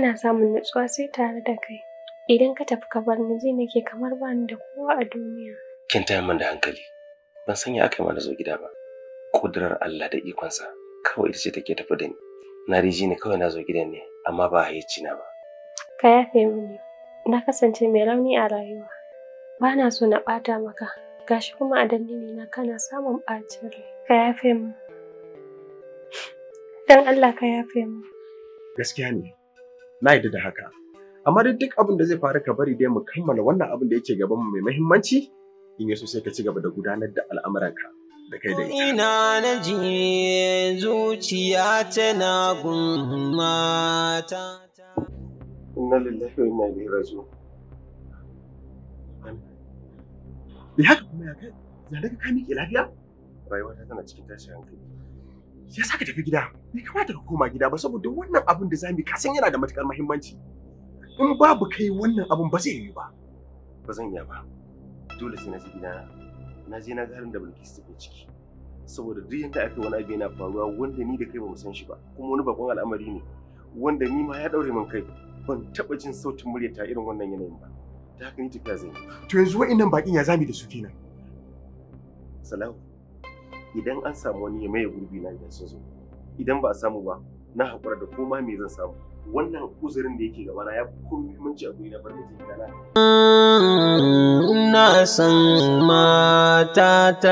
ana samun nutsuwa sai tare da kai. Idan ka tafi ka bar ni ji nake kamar ba ni da kowa a duniya. Kin taya min da hankali. Ban sanya aka ma na zo gida ba. Kudurar Allah da ikonsa kawai ita ce take tafi da ni. Na riji ne kawai na zo gidan ne amma ba hayyaci na ba. Ka yafe mini. Na kasance mai rauni a rayuwa. Ba na so na ɓata maka. Gashi kuma a dalili na kana samun ɓacin rai. Ka yafe min. Dan Allah ka yafe min. Gaskiya ne. na yadda da haka amma dai duk abin da zai faru ka bari dai mu kammala wannan abin da yake gaban mu mai muhimmanci in yaso sai ka ci gaba da gudanar da al'amuranka da kai da ita ina na ji zuciya tana gumata inna lillahi wa inna ilaihi raji'un ya haka kuma ya kai ya daga ka miƙe lafiya rayuwa ta tana cikin tashi hankali ya sa tafi gida bai kamata ka koma gida ba saboda wannan abin da zamu ka san yana da matukar muhimmanci in babu kai wannan abin ba zai yi ba ba zan iya ba dole sai na ji gida na je na garin da Bilkis take ciki saboda duk yanda aka wani abu yana faruwa wanda ni da kai ba mu san shi ba kuma wani bakon al'amari ne wanda ni ma ya daure min kai ban taba jin sautin muryata irin wannan yanayin ba Da haka ni tafiya zan yi to yanzu wa'annan bakin ya zami da su kenan salahu idan an samu wani ya maye gurbi na idan sun zo idan ba a samu ba na haƙura da koma me zan samu wannan uzurin da yake na, ya fi muhimmanci a na bar miji gidana na san matata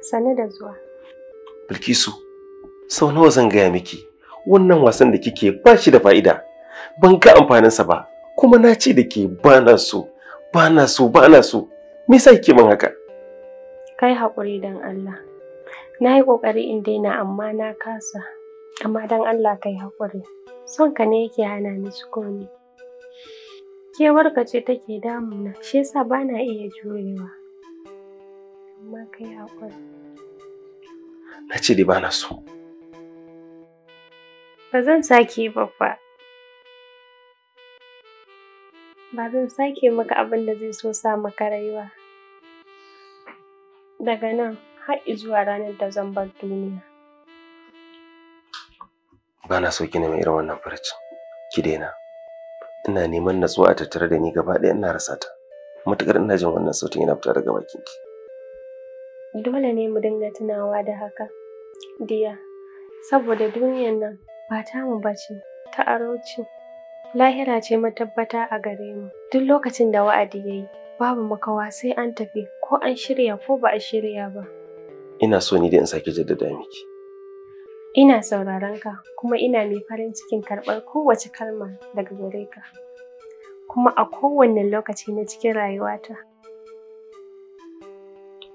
Sani da zuwa. Bilkisu, sau nawa zan gaya miki wannan wasan da kike ba shi da fa'ida, ban ga amfaninsa ba, kuma na ce da ke ba na so, ba na so, ba na so, me yasa kike min haka? Kai haƙuri don Allah. Na yi ƙoƙari in daina amma na kasa, amma don Allah kai haƙuri. Son ka ne yake hana ni sukuni. kewarka ce take damuna shi yasa ba na iya jurewa amma kai haƙuri na ce dai ba na so ba zan sake babba ba zan sake maka abin da zai so sa maka rayuwa daga nan har zuwa ranar da zan bar duniya ba na so ki nemi irin wannan farcin ki daina ina neman natsuwa a tattare da ni gaba ɗaya ina rasa ta matuƙar ina jin wannan sautin yana fita daga bakin ki dole ne mu dinga tunawa da haka diya saboda duniyar nan ba ta mu bace ta arauci lahira ce matabbata a gare mu duk lokacin da wa'adi yayi babu makawa sai an tafi ko an shirya ko ba a shirya ba ina so ni da in sake jaddada miki Ina sauraron ka kuma ina mai farin cikin karɓar kowace kalma daga gare ka, kuma a kowane lokaci na cikin rayuwata.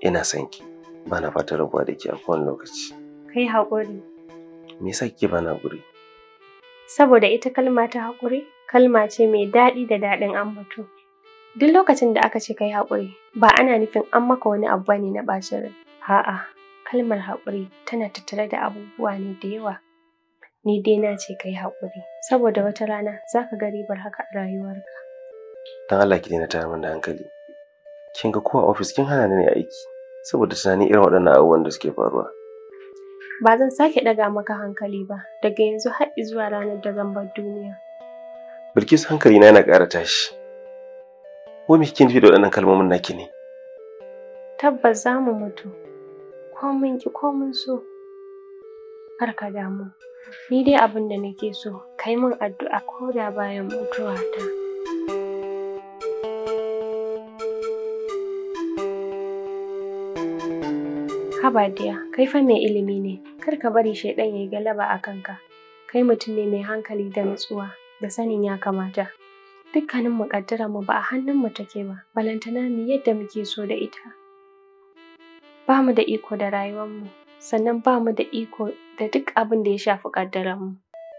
Ina son ki, ba na fatan rabuwa da ke a kowane lokaci. Kai haƙuri. Me yasa kike bana guri? Saboda ita kalma ta haƙuri, kalma ce mai daɗi da daɗin ambato. Duk lokacin da aka ce kai haƙuri, ba ana nufin an maka wani abu ne na ɓacin rai. A'a. kalmar haƙuri tana tattare da abubuwa ne da yawa. Ni dai na ce ka yi haƙuri, saboda wata rana za ka ga ribar haka a rayuwarka. Don Allah ki daina tayar da hankali. Kin ga ko a ofis kin hana ni aiki, saboda tunanin irin waɗannan abubuwan da suke faruwa. Ba zan sake ɗaga maka hankali ba, daga yanzu har zuwa ranar da zan bar duniya. Bilkisu hankali na yana ƙara tashi. Wai me kike nufi da waɗannan kalmomin naki ne? Tabbas za mu mutu. komin ki komin so kar ka damu ni dai abin da nake so kai min addu'a ko da bayan mutuwata habadiya kai fa mai ilimi ne kar ka bari shaidan ya yi galaba a kanka kai mutum ne mai hankali da nutsuwa da sanin ya kamata dukkanin mu mu ba a hannun mu take ba balantana ni yadda muke so da ita ba mu da iko da mu sannan ba mu da iko da duk abin da ya shafi mu.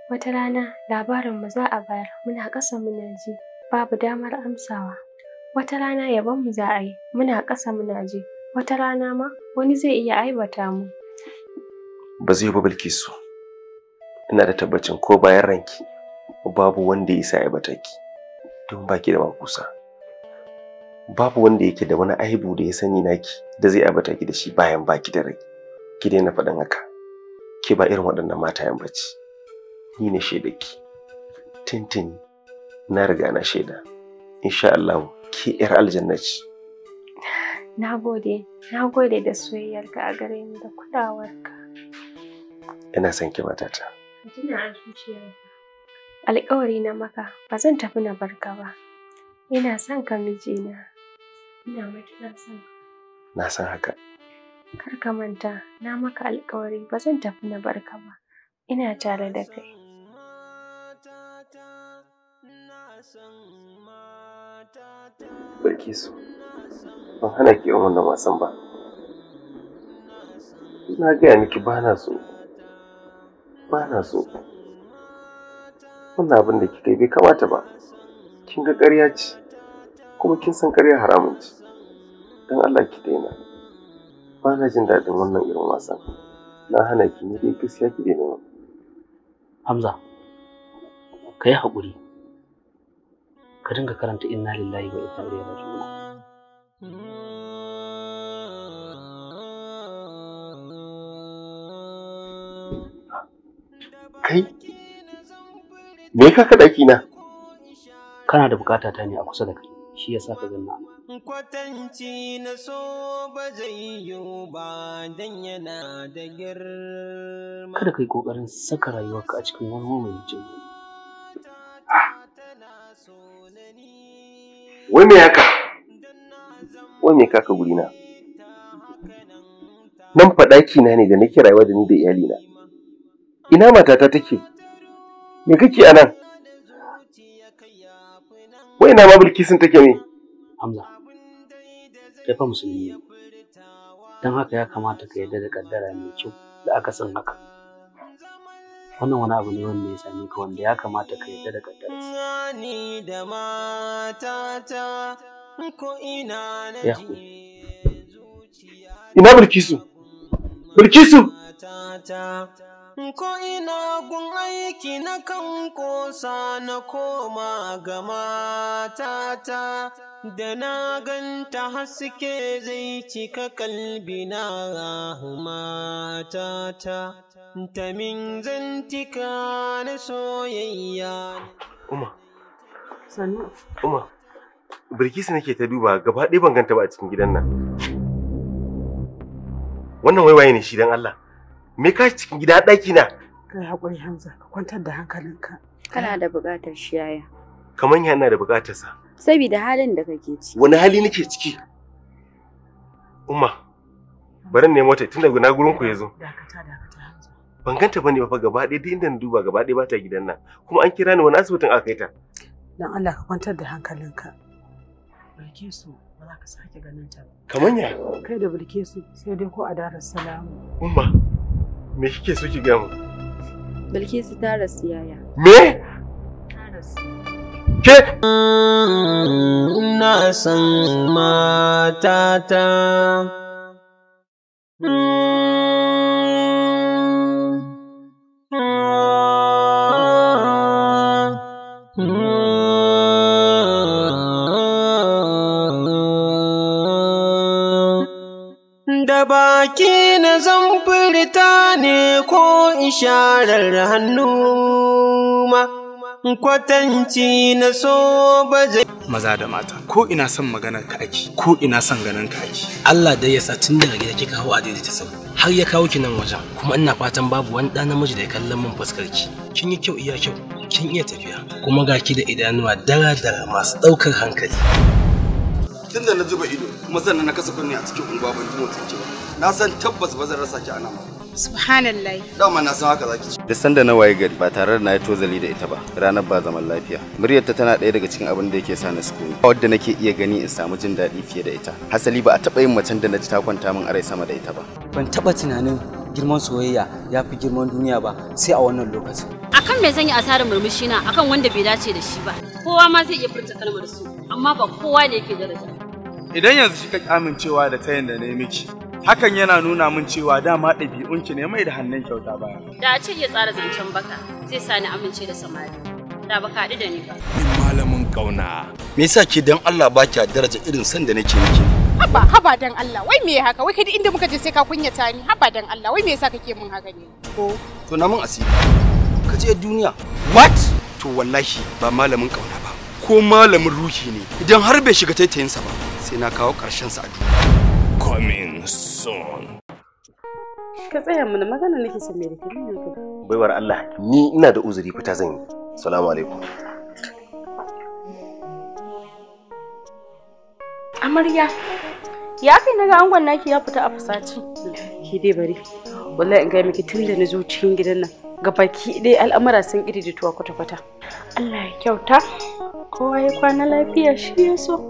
Wata rana labarinmu za a bayar muna ƙasa muna ji babu damar amsawa. Wata rana yabonmu za a yi muna ƙasa muna ji wata rana ma wani zai iya aibata mu. Ba zai ba Bilkisu. Ina da tabbacin ko bayan ranki babu wanda ya isa aibata ki don baki da makusa. babu wanda yake da wani aibu da ya sani naki da zai abata ki da shi bayan baki da rai ki daina faɗin haka ke ba irin waɗannan matayen bace ni ne shaida ki tintin na riga na shaida insha Allah ki yar aljanna ce na gode da soyayyarka a gare ni da kulawarka ina son ki matata zuciyarka alƙawari na maka ba zan tafi na barka ba ina son ka mijina Ina matuƙar son ka. Na san haka. Kar ka manta, na maka alƙawari ba zan tafi na bar ka ba. Ina tare da kai. Barke su, ban hana ki yawan wannan wasan ba. Na gaya miki ba na so, ba na so. Wannan abin da kika yi bai kamata ba, kin ga ƙarya ce. kuma kin san ƙarya haramun ce don Allah ki daina ba na jin daɗin wannan irin wasan na hana ki ne dai gaskiya ki daina Hamza ka yi haƙuri ka dinga karanta inna lillahi wa inna ilaihi raji'un kai me ka kaɗa na kana da bukata ta ne a kusa da kai shi ya saka zanna kwatanci na so ba zai yi ba dan yana da girma kada kai kokarin saka rayuwarka a cikin wani mamayin wai me haka wai me kaka guri na nan faɗa na ne da nake rayuwa da ni da iyalina ina matata take me kake a nan wai ina ma sun take ne hamza kai fa musulmi ne don haka ya kamata ka yarda da kaddara mai kyau da aka san haka wannan wani abu ne wanda ya same ka wanda ya kamata ka yarda da kaddara ni da ko ina na ina bilkisu bilkisu ko ina gun aiki na kan kosa na koma ga matata da na ganta haske zai cika kalbina matata ta min zantika na soyayya Uma, sannu Uma, Bilkisu nake ta duba gaba ɗaya ban ganta ba a cikin gidan nan. Wannan waiwaye ne shi dan Allah. me ka cikin gida ɗaki na kai hakuri Hamza ka kwantar da hankalinka kana da buƙatar shi yaya kaman yana da buƙatar sa saboda halin da kake ciki wani hali nake ciki umma bari ne mota tunda na gurin ku yazo dakata dakata Hamza ban ganta bane ba fa gaba ɗaya duk inda na duba gaba ɗaya ba ta gidan nan kuma an kira ni wani asibitin aka kai ta dan Allah ka kwantar da hankalinka Barke su ba za ka sake ganin ta ba. Kamanya? Kai da Bilkisu sai dai ko a darar salamu. Umma, me kike so ki gaya bilkisu ta rasu yaya me ke Ina san matata baki na zan furta ne ko isharar hannu ma kwatanci na so ba zai maza da mata ko ina son maganar ka ake ko ina son ganin ka ake Allah dai ya sa tun daga gida ki kawo a daidaita sau har ya kawo ki nan wajen kuma ina fatan babu wani ɗan namiji da ya kallon min fuskar ki kin yi kyau iya kyau kin iya tafiya kuma ga ki da idanuwa dara dara masu ɗaukar hankali tunda na zuba ido kuma sannan na kasa kunni a cikin unguwa ban ji motsin ba na san tabbas ba zan rasa ki a nan ba subhanallah dama na san haka zaki ci san sanda na waye gari ba tare da na yi tozali da ita ba ranar ba zaman lafiya muryarta tana ɗaya daga cikin abin da yake sa na sukuni ba wadda nake iya gani in samu jin daɗi fiye da ita hasali ba a taɓa yin macen da na ji ta kwanta min arai sama da ita ba ban taɓa tunanin girman soyayya ya fi girman duniya ba sai a wannan lokacin. Akan me zan yi asarar murmushi na akan wanda bai dace da shi ba. Kowa ma zai iya furta kalmar su amma ba kowa ne yake daraja. Idan yanzu ka amincewa da tayin da na yi miki hakan yana nuna min cewa dama ɗabi'unki ne mai da hannun kyauta baya da a ce ya tsara zancen baka zai sa ni amince da samari da baka haɗu da ni ba malamin kauna me yasa ke dan Allah ba kya daraja irin san da nake miki haba haba dan Allah wai me haka wai kadi inda muka je sai ka ta ni haba dan Allah wai me yasa kake mun haka ne ko to na mun asiri ka je duniya what to wallahi ba malamin kauna ba ko malamin ruhi ne idan har bai shiga taitayinsa ba sai na kawo ƙarshen sa a duniya coming soon. Ka tsaya mana magana nake son mai rikirin yanzu. Baiwar Allah, ni ina da uzuri fita zan yi. Salamu alaikum. Amarya, ya kai na ga angon naki ya fita a fasaci. Ki dai bari. Wallahi in ga miki tun da na zo cikin gidan nan. Ga baki dai al'amura sun tuwa kwata-kwata. Allah ya kyauta. Kowa ya kwana lafiya shi ya so.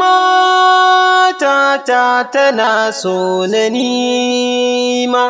matata tana so na nima